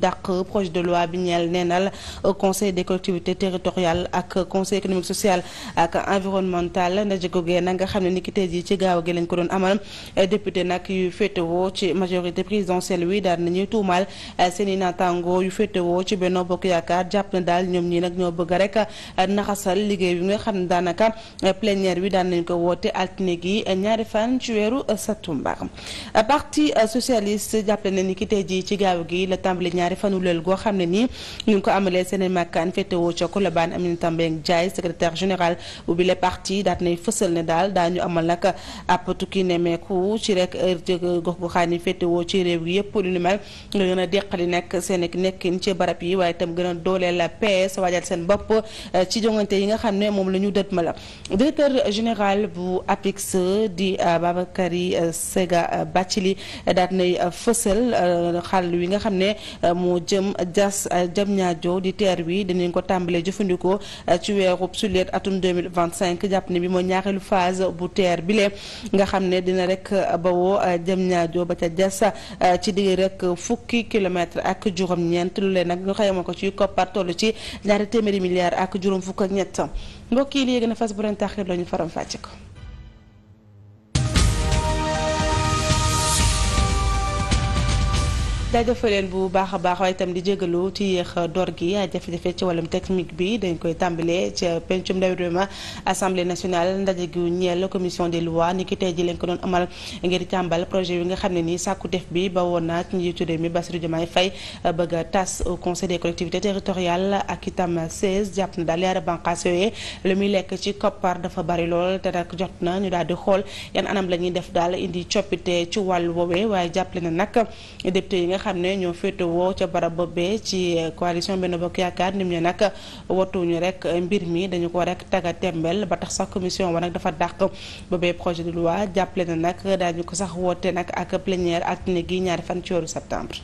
dàq projet de loi bi ñeel neenal conseil des collectivités territoriales ak conseil économique social ak environnemental ndaje googee nag nga xam ne ni ki tey jii ci gaaw gi lañ ko doon amal député nag yu féetewoo ci majorité présidentielle wi daal nañuy tuumaal seen i yu féetewoo ci Benno Bokk Yaakaar jàpp na daal ñoom ñii nag ñoo bëgg rek naxasal liggéey bi nga xam ne daanaka plénière bi daan nañ ko woote altine gi ñaari fan ci weeru satumbar parti socialiste ñaari fanu lël goo xam ne nii ñu ngi ko amalee seen i màkkaan féetewoo ca Colobane Aminata Mbengue Ndiaye secrétaire général bu bile parti daat nay fësal ne daal daañu amal nag ab tukki nemmeeku ci rek gox goxaan yi féetewoo ci réew gi yëpp lu ni mel nga gën a a dooleel la eh, la ñu dëtmal directeur général bu APIX di eh, eh, daat nay fësal xal wi nga xam ne mu jëm jas euh, jëm ñaajo di teer wi dinañ ko tàmbalee jëfandikoo euh, ci weeru sulet atum cinq jàpp ne bi mooy ñaareelu phase bu teer bi lee nga xam ne dina rek euh, bawoo jëm ñaajo ba ca jas ci digg rek fukki kilomètre ak juróom-ñeent lu leen nag ñu xayma ko ci koppar toll ci ñaari téeméeri milliards ak juróom fukk ak ñett mbokk léegi na fas bu leen taxir la ñu ko jaajëfal leen bu baax a baax waaye itam di jégalu ci yéex door gi jafe-jafe ci wàllum technique bi dañ koy tàmbalee ca pencum ndawi réew ma assemblée nationale ndaje gu ñeel commission des lois ni ki tey ji lañ ko doon amal ngir càmbal projet bi nga xam ne nii sàkku def bi ba woon naa ci njiitu réew mi Bassirou Diomaye Faye bëgg a tas au conseil des collectivités territoriales ak itam 16 jàpp na daal yaara banqaas yooyee lu muy lekk ci koppar dafa bari lool te nag jot na ñu daal di xool yan anam la ñuy def daal indi coppite ci wàllu woowee waaye jàppale na nag xam ne ñoo féete féetewoo ca barab boobee ci eh, coalition benn Bokk Yaakaar nim ne nag wattuñu rek mbir mi dañu ko rek taga tembel ba tax sax commission wa nag dafa dàq boobee projet de loi jàppale na nag daañu ko sax woote nag ak ak altine gi ñaari fan ci weeru septembre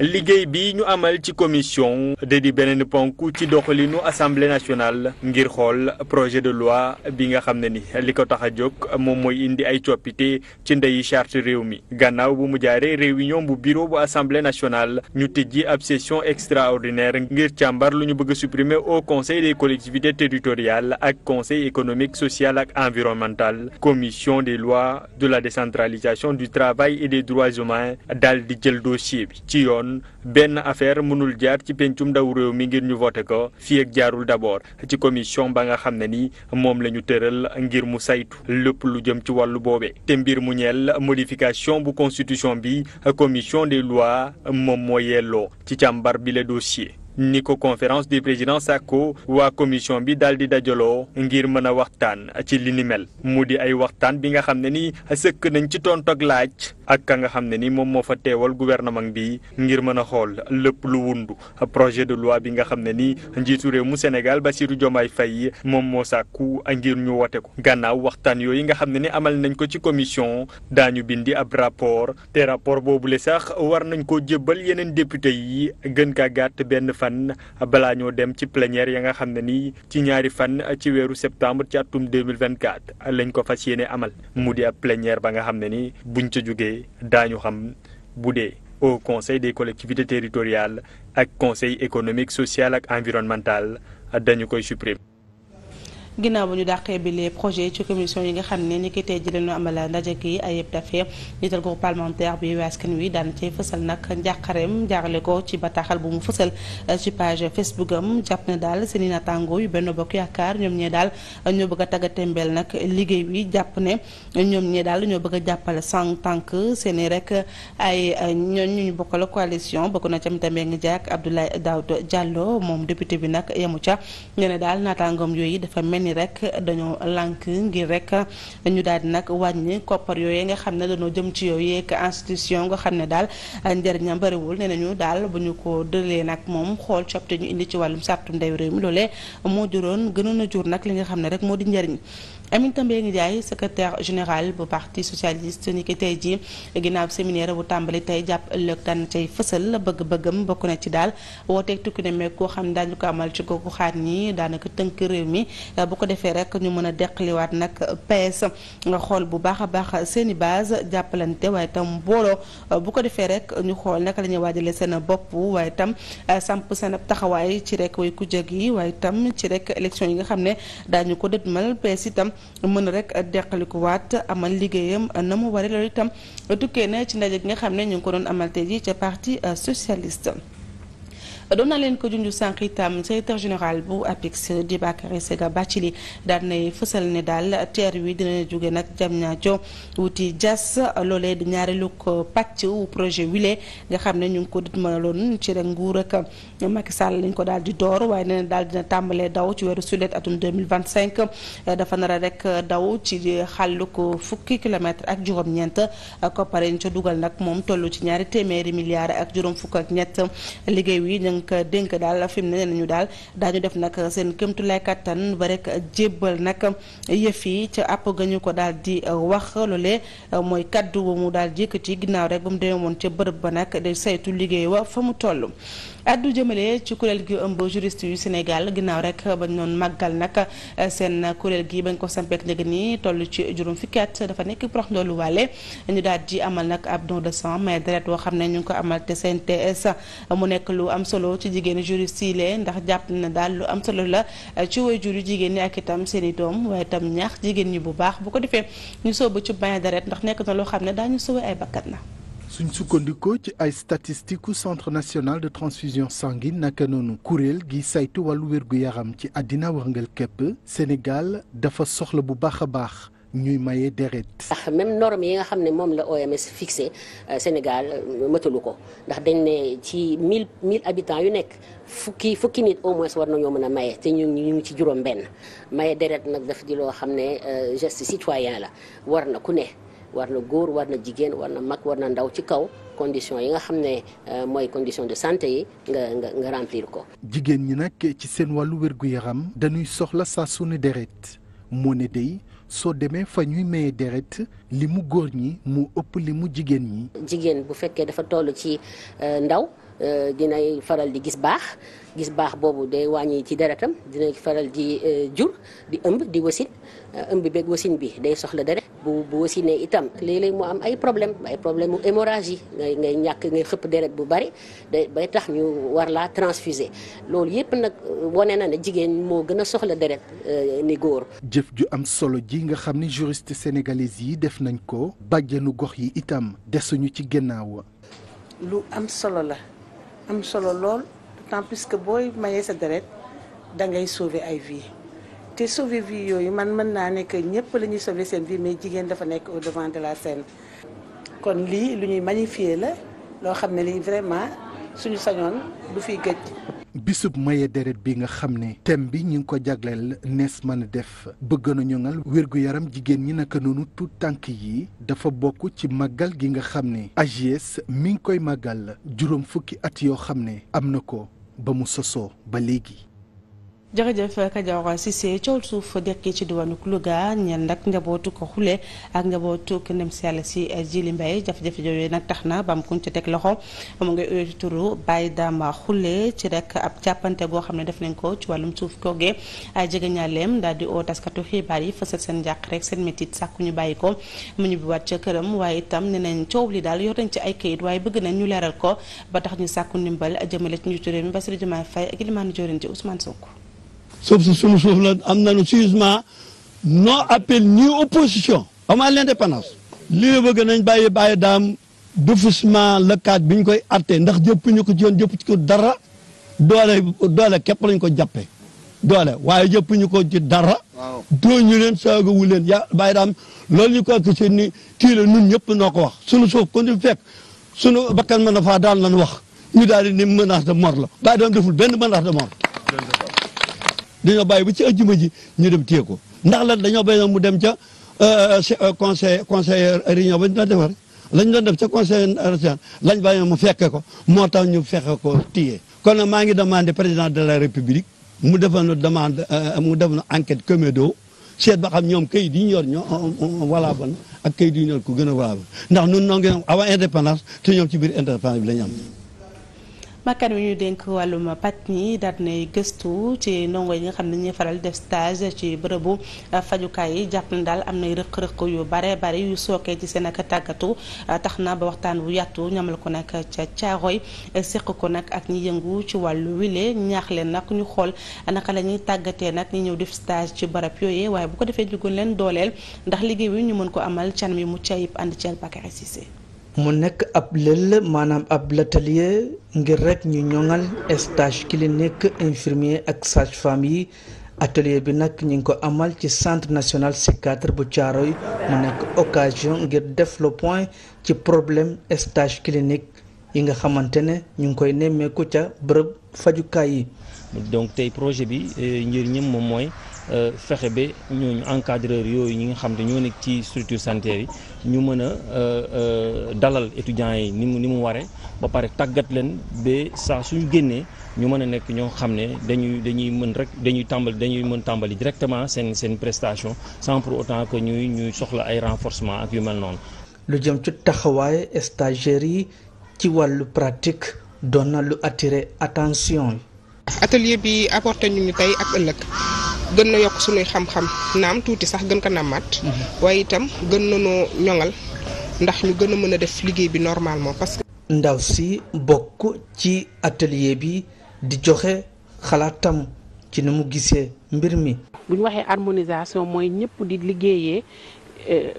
liggéey bi ñu amal ci commission de di beneen ponk ci doxalinu assemblée nationale ngir xool projet de loi bi nga xam ne ni li ko tax a jóg moom mooy indi ay coppite ci ndeyi charte réew mi gannaaw bu mu jaaree réunion bu bureau bu assemblée nationale ñu tijji ab session extraordinaire ngir càmbar lu ñu bëgg a supprimer au conseil des collectivités territoriales ak conseil économique social ak environnemental commission des lois de la décentralisation du travail et des droits humains daal di jël dossier ci yoon. kon benn affaire mënul jaar ci pencum ndaw réew mi ngir ñu voté ko fii ak jaarul d'abord ci commission ba nga xam ne ni moom la ñu tëral ngir mu saytu lépp lu jëm ci wàllu boobee te mbir mu ñeel modification bu constitution bi commission des lois moom moo yelloo ci càmbar bi le dossier. ni ko conférence des présidents sàkko waa commission bi daal di dajaloo ngir mën a waxtaan ci linimel mu di ay waxtaan bi nga xam ne ni sëkk nañ ci tontu laaj ak ka nga xam ne ni moom moo fa teewal gouvernement bi ngir mën a xool lépp lu wundu projet de loi bi nga xam ne ni njiitu réew mu Sénégal Bassirou Diomaye Faye moom moo sàkku ngir ñu wote ko gannaaw waxtaan yooyu nga xam ne ni amal nañ ko ci commission daañu bindi ab rapport te rapport boobule sax war nañ koo jébbal yeneen député yi gën kaa gàtt benn fan balaa ñoo dem ci plénière ya nga xam ne ni ci ñaari fan ci weeru septembre ci atum 2024 lañ ko fas yéene amal mu di ba nga xam ne ni buñ ca jógee pare daañu xam bu dee au conseil des collectivités territoriales ak conseil économique social ak environnemental dañu koy supprimer. ginnaaw bu ñu dàqee bi les projets ci commission yi nga xam ne ñi ki tey ji lañu amal ndaje gi ay yëpp dafee nital groupe parlementaire bi askan wi daan cee fësal nag njàqareem jaarale ko ci bu mu fësal ci page jàpp na daal seen i naataango yu benn bokk yaakaar ñoom ñee daal ñoo bëgg a tagga tembeel nag liggéey wi jàpp ne ñoom ñee daal ñoo bëgg a jàppale sans tànk seen rek ay ñooñ ñu bokkal coalition bokk na ci Aminata Mbengue Ndiaye ak Abdoulaye moom député bi nag yemu ca ne daal naataangoom yooyu dafa mel rek dañoo lank ngir rek ñu daal di nag wàññi koppar yooyu nga xam ne dañoo jëm ci yooyu ak institution nga xam ne daal njëriñam bëriwul nee nañu daal bu ñu ko dëlee nag moom xool copte ñu indi ci wàllum sàrtu ndew réew mi loolee moo juróon gënoon na jur nag li nga xam ne rek moo di njëriñ Aminata Mbengue Ndiaye secretaire général bu parti socialiste ni ki tey jii ginnaaw séminaire bu tàmbali tey jàpp ëllëg daan cay fësal bëgg-bëggam bokk na ci daal wooteeg tukki ne meeg koo xam ne daañu ko amal ci googu xaat ñi daanaka tënk réew mi bu ko defee rek ñu mën a deqaliwaat nag PS nga xool bu baax a baax seen i base jàppalante waaye tam booloo bu ko defee rek ñu xool naka la waajalee seen bopp waaye tam samp seen taxawaay ci rek way ku jëg yi waaye tam ci rek élection yi nga xam ne daañu ko dëdmal PS itam mën rek deqalikuwaat amal liggéeyam na mu waree loolu itam tukkee na ci ndaje gi nga xam ne ñu ngi ko doon amal tey ji ca parti euh, socialiste doon na leen ko junj sànq itam secrétaire général bu APIX di Bakary Sega Bathily daan nay fësal ne daal teer wi dina jóge nag Diamniadio wuti Diass loolee di ñaareelu ko pàcc wu projet wile nga xam ne ñu ngi ko dëtmaloon ci rek nguur ak Macky Sall lañ ko daal di door waaye nee na daal dina tàmbalee daw ci weeru sulet atum 2025 dafa nar a rek daw ci xàllu ko fukki kilomètre ak juróom-ñeent koppare ñu ca dugal nag moom toll ci ñaari téeméeri milliards ak juróom fukk ak ñett liggéey wi dénk euh, dénk daal fi mu ne nañu daal daañu def nag seen kéemtulaay kattan ba rek jébbal nag yëf yi ca àpp ga ñu ko daal di wax loolee mooy kaddu ba mu daal jëkk ci ginnaaw rek ba mu demee moon ca bërëb ba nag day saytu liggéey wa fa mu toll addu jëmale ci kuréel gi ëmb juriste yu Sénégal ginnaaw rek bañ noon màggal nag seen kuréel gi bañ ko sempeek léegi nii toll ci juróom fukki dafa nekk prox ndoolu wàlle ñu daal di amal nag ab don de sang mais deret boo xam ne ñu ngi ko amal te CNTS mu nekk lu am solo ci jigéen juriste yi ndax jàpp na daal lu am solo la ci waajur yu jigéen ñi ak itam seeni doom waaye itam ñaax jigéen ñi bu baax bu ko defee ñu ba ci bain deret ndax nekk na loo xam ne daa ñu sauvé ay bakkat na suñ sukkandikoo ci ay statistiques centre national de transfusion sanguine naka noonu kuréel gi saytu wàllu wérgu yaram ci àddina war wërngal képp Sénégal dafa soxla bu baax a baax ñuy maye deret. ndax même norme yi nga xam ne moom la OMS fixé euh, Sénégal euh, matalu ko ndax dañ ne ci mille mille habitants yu nekk fukki fukki nit au moins war nañoo mën a maye te ñu ñu ngi ci juróom-benn maye deret nag daf di loo xam ne euh, geste citoyen la war na ku ne. war na góor war na jigéen war na mag war na ndaw ci kaw condition yi nga xam ne euh, mooy condition de santé yi nga nga nga ko. jigéen ñi nag ci seen wàllu wér-gu-yaram dañuy soxla saa su ne deret moo ne day soo demee fa ñuy maye deret li mu góor ñi mu ëpp li mu jigéen ñi. jigéen bu fekkee dafa toll ci euh, ndaw. Euh, dinay faral di gis baax gis baax boobu day wàññi ci deretam dinay faral di euh, jur di ëmb di wasin euh, ëmb beeg wasin bi day soxla deret bu bu wasinee itam léeg-léeg mu am ay problème ay problème mu hémorragie ngay ngay ñàkk ngay xëpp deret bu bari day bay tax ñu war laa transfuser loolu yépp nag wane na ne jigéen moo gën a soxla deret ni góor. jëf ju am solo ji nga xam ni juriste sénégalais yi def nañ ko bàjjenu gox yi itam desuñu ci gannaaw. lu am solo la. am solo lool d'autant plus que booy mayee sa deret da ngay sauver ay vie te sauver vie yooyu man mën naa ne que ñëpp la ñuy sauver seen vie mais jigéen dafa nekk au devant de la scène. kon lii lu ñuy magnifier la loo xam ne lii vraiment suñu sañoon du fiy gëj. bisub mayee deret bi nga xam ne thème bi ñu ngi ko jagleel nees mën a def bëgg na ñoŋal wér-gu-yaram jigéen ñi naka noonu tuut tànk yi dafa bokk ci màggal gi nga xam ne AJS mi ngi koy màggal juróom fukki at yoo xam ne am na ko ba mu sosoo ba léegi jërëjëf si Cissé coow suuf dekkee ci diwaanu Louga ñeen nag njabootu ko xule ak njabootu ko nem si yàlla eh, si Jili Mbaye jafe-jafe yooyu nag tax na ba am kuñ ci teg loxo mu ngi uyo ci turu Baye Dama xule ci rek ab jàppante goo xam ne def nañ ko ci wàllum suuf koogee ay ah, jege ñaaleem daal di oo taskatu xibaar yi fësal seen njàq rek seen métit sàkku ñu bàyyi ko mu ñibbiwaat ca këram waaye itam ne nañ coow li daal yor nañ ci ay kayit waaye bëgg nañ ñu leeral ko ba tax ñu sàkku ndimbal jëmale ci njiitu réew mi Bassirou Diomaye Faye ak Ilimaanu Jorin ci Ousmane Sonko sauf si suñu suuf la am nañu jugement non appel ni opposition am à l'indépendance li la bëgg nañ bàyyi bàyyi daam déficement le cadre bi ñu koy attee ndax ñu ko ci jëpp ci ko dara doole doole képp lañ ko jàppee doole waaye ñu ko ci dara ñu leen saagowu leen ya bàyyi daam loolu ñu ko ak ci ni kii la ñun ñëpp noo ko wax suñu suuf kon di fekk suñu bakkan mën a faa daan lan wax ñu daal ni menace de mort la bàyyi daam deful benn menace de mort dañoo bàyyi ba ci ajjuma ji ñu dem téye ko ndax lan dañoo béy mu dem ca euh, euh, conseil conseil réunion ba ñu doon defar lañ doon def ca conseil national lañ bàyyi mu fekke ko moo tax ñu fekke ko téye kon nag maa ngi demandé président de la république mu defal nu demande euh, mu def na enquête comédo seet ba xam ñoom kayit yi ñu yor ñoo wala ban ak kayit yi ñu yor ku gën a wala ban ndax nun noo ngi am avant indépendance te ñoom ci biir indépendance bi la ñu am makan wi ñu dénk wàllum pàcc ñi daal nay gëstu ci ndongo yi nga xam ne ñuy faral def stage ci bërëbu euh, fajukaay yi jàpp na daal am nay rëq-rëq yu bare bare yu sookee ci seen ak tàggatu euh, tax na ba waxtaan wu yàttu ñamal ko nag ca caaroy euh, séq ko nag ak ñi yëngu ci wàllu wile ñaax leen nag ñu xool naka la ñuy tàggatee nag ñi ñëw def stage ci barab yooyee waaye bu ko defee jugoon leen dooleel ndax liggéey bi ñu mën ko amal canam yi mu mucc ayib ànd ci Bakary Cissé mu nekk ab lël maanaam ab l'atelier ngir rek ñu ñoŋal stage clinique infirmier ak sage-femme yi atelier bi nag ñu ngi ko amal ci centre national psychiatre bu caaro yi mu nekk occasion ngir def le point ci problème stage clinique yi nga xamante ne ñu ngi koy nemmeeku ca bërëb fajukaay yi. donc tey projet bi euh, njëriñam moom mooy. fexe ñoo ñooñu encadreur yooyu ñu nga xam te ñoo nekk ci structure sanitaire yi ñu mën a euh, euh, dalal étudiants yi ni mu ni mu waree ba pare tàggat leen ba saa suñu génnee ñu mën a nekk ñoo xam ne dañuy dañuy mën rek dañuy tàmbali dañuy mën tàmbali directement seen seen prestation sans pour autant que ñuy ñuy soxla ay renforcement ak yu mel noonu. lu jëm ci taxawaay stagiaires yi ci wàllu pratique doon na lu attirer attention. atelier bi apporté ñu ni tey ak ëllëg. gën na yokk sunuy xam-xam naam tuuti sax gën ko nammaat. Mhm. waaye itam gën nanoo ñoŋal ndax ñu gën a mën a def liggéey bi normalement parce que. ndaw si bokk ci atelier bi di joxe xalaatam ci ni mu gisee mbir mi. bu ñu waxee harmonisation mooy ñëpp di liggéeyee. Euh,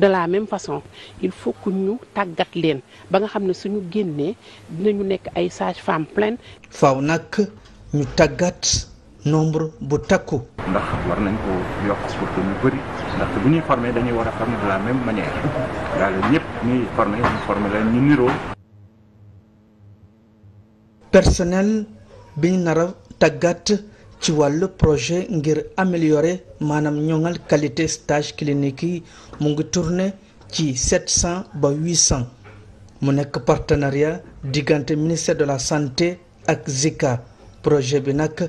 de la même façon il faut ku ñu tàggat leen ba nga xam ne suñu génnee dinañu nekk ay sage-femme pleine. faaw nag ñu tàggat nombre bu takku. ndax war nañ ko yokk pour que ñu bëri ndaxte bu ñuy former dañuy war a former de la même manière daal ñëpp ñuy former ñu niroo. personnel bi ñu nar a tàggat ci wàllu projet ngir améliorer maanaam ñoŋal qualité stage clinique yi mu ngi tourné ci 700 ba 800 mu nekk partenariat diggante ministère de la santé ak Zika projet bi nag.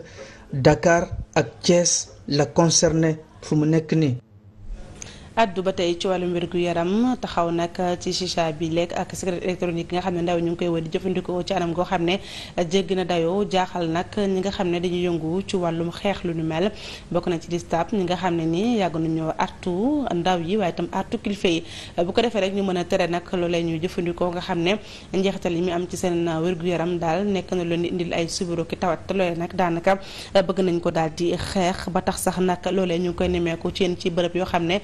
Dakar ak Thiès la concerné fu mu nekk nii. addu ba tey ci wàllum wér-gu-yaram taxaw nag ci chicha bi lekk ak cigarette électronique nga xam ne ndaw ñu ngi koy wër di jëfandikoo ci anam goo xam ne jégg na dayoo jaaxal nag ñi nga xam ne dañuy yëngu ci wàllum xeex lu nu mel bokk na ci listaab ñi nga xam ne ni yàgg nañoo artu ndaw yi waaye tam artu kilifa yi bu ko defee rek ñu mën a tere nag loolee ñuy jëfandikoo nga xam ne njeexital yi mu am ci seen wér yaram daal nekk na leen ni indil ay subiro ki tawat te loolee nag daanaka bëgg nañ ko daal di xeex ba tax sax nag loolee ñu ngi koy nemeeku ci yenn ci bërëb yoo xam ne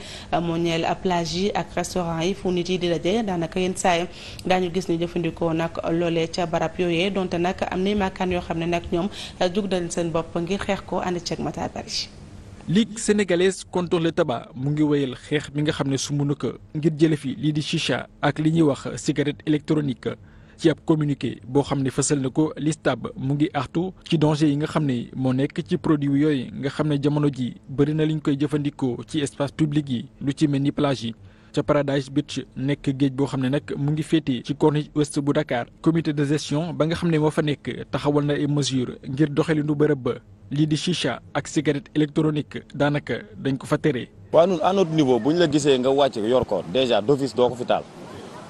moo ñeel plage yi ak restaurant yi fu nit yi di daje daanaka yenn saa yi daañu gis ni jëfandikoo nag loolee ca barab yooyee donte nag am nay maakaan yoo xam ne nag ñoom jug dañ seen bopp ngir xeex ko ànd ceeg Matar Bari Ligue sénégalaise contre le mu ngi wéyal xeex mi nga xam ne su munu ko ngir jële fi lii di chicha ak li ñuy wax cigarette électronique ci ab communiqué boo xam ne fësal na ko listable mu ngi artu ci danger yi nga xam ne moo nekk ci produit yooyu nga xam ne jamono ji bëri na liñ koy jëfandikoo ci espace public yi lu ci mel ni plage yi ca Paradise Beach nekk géej boo xam ne nag mu ngi féete ci corniche ouest bu Dakar comité de gestion ba nga xam ne moo fa nekk taxawal na ay mesures ngir doxalinu bërëb ba lii di chicha ak cigarette électronique daanaka dañ ko fa tere. waa ñun niveau bu ñu la gisee nga wàcc yor ko déjà d'office doo ko fi taal.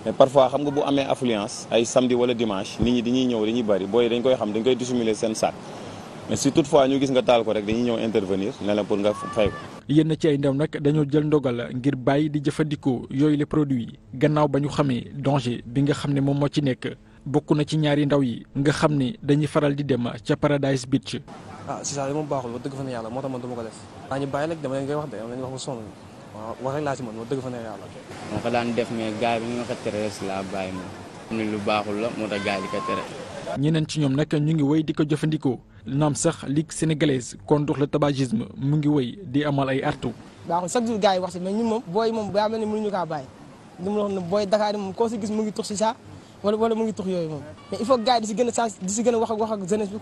mais parfois xam nga bu amee affluence ay samedi wala dimanche nit ñi dañuy ñëw dañuy bëri booy dañ koy xam dañ koy dissimuler seen sac mais si fois ñu gis nga taal ko rek dañu ñëw intervenir ne la pour nga fay ko. yenn ci ay ndaw nag dañoo jël ndogal ngir bàyyi di jëfandikoo yooyu le produit yi gannaaw ba ñu xamee danger bi nga xam ne moom moo ci nekk bokk na ci ñaari ndaw yi nga xam ne dañuy faral di dem ca Paradise Beach. ah si saa yi moom baaxul moo tax man dama ko waaw wax rek laa si mën wax dëgg fa ne yàlla. moo ko daan def mais gars bi ñu nga ko tere si laa bàyyi moom. xam ne lu baaxul la moo tax gars yi ko tere. ñeneen ci ñoom nag ñu ngi wéy di ko jëfandikoo naam sax ligue sénégalaise contre le tabagisme mu ngi wéy di amal ay artu. baaxul chaque jour gars wax si mais ñun moom booy moom yaa mel ni mënuñu kaa bàyyi li mu ne booy Dakar moom koo si gis mu ngi tux si saa wala wala mu ngi tux yooyu moom. mais il faut gars di si gën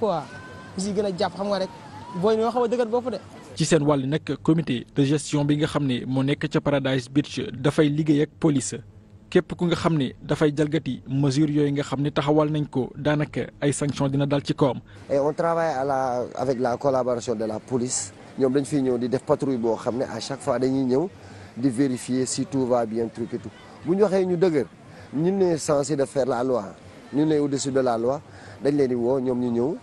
a a a jàpp a ci seen wàll nag comité de gestion bi nga xam ne moo nekk ca Paradise Beach dafay liggéey ak police képp ku nga xam ne dafay jalgati mesure yooyu nga xam ne taxawal nañ ko daanaka ay sanctions dina dal ci kawam. et on travaille à la avec la collaboration de la police ñoom dañ fiy ñëw di def patrouille boo xam ne à chaque fois dañuy ñëw di vérifier si tout va bien truc tout bu ñu waxee ñu dëgër ñun ne censé de faire la loi ñu ne au-dessus de la loi dañ leen di woo ñoom ñu ñëw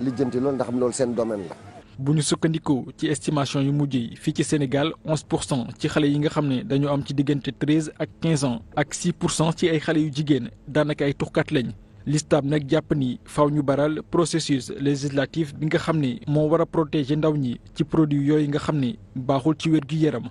lijjanti loolu ndax loolu seen domaine la. bu ñu sukkandiku ci estimation yu mujj yi fii ci Sénégal 11 pour cent ci xale yi nga xam ne dañoo am ci diggante 13 ak 15 ans ak 6 pour cent ci ay xale yu jigéen daanaka ay tuxkat lañ. listaab nag jàpp ni faw ñu baral processus législatif bi nga xam ne moo war a protéger ndaw ñi ci produit yooyu nga xam ne baaxul ci wér gi yaram.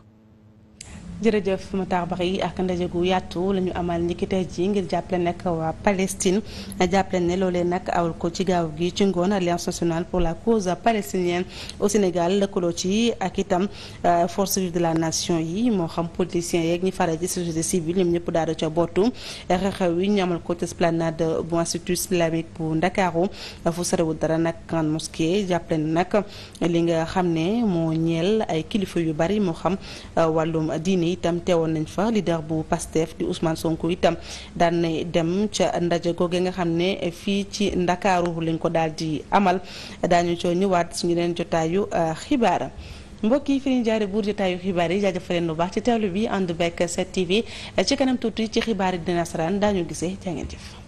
jërëjëf Matar bax yi ak ndaje gu yaatu la ñu amal niki tey jii ngir jàppale nag waa Palestine jàppale ne loolee nag awal ko ci gaaw gi ci ngoon alliance nationale pour la cause palestinienne au Sénégal lëkkaloo ci ak itam euh, force vive de la nation yi moo xam politiciens yeeg ñi faral ci société civile ñoom ñëpp daal di ca bottu xew-xew yi ñu amal ko ci esplanade bu institut islamique bu Ndakaaru fu sorewul dara nag grande mosquée jàppale ne nag li nga xam ne moo ñeel ay kilifa yu bari moo xam euh, wàllum diine itam teewoon nañ fa leader bu Pastef di Ousmane Sonko itam daan na dem ca ndaje googe nga xam ne fii ci Ndakaaru lañ ko daal di amal daañu coo ñëwaat suñu leen jotaayu uh, xibaar. mbokk yi fi ñu jaare buur jotaayu xibaar yi jaajëfal leen lu baax ci teewlu bi ànd bekk 7TV ci kanam tuuti ci xibaar yi dina saraan daañu gisee jaa ngeen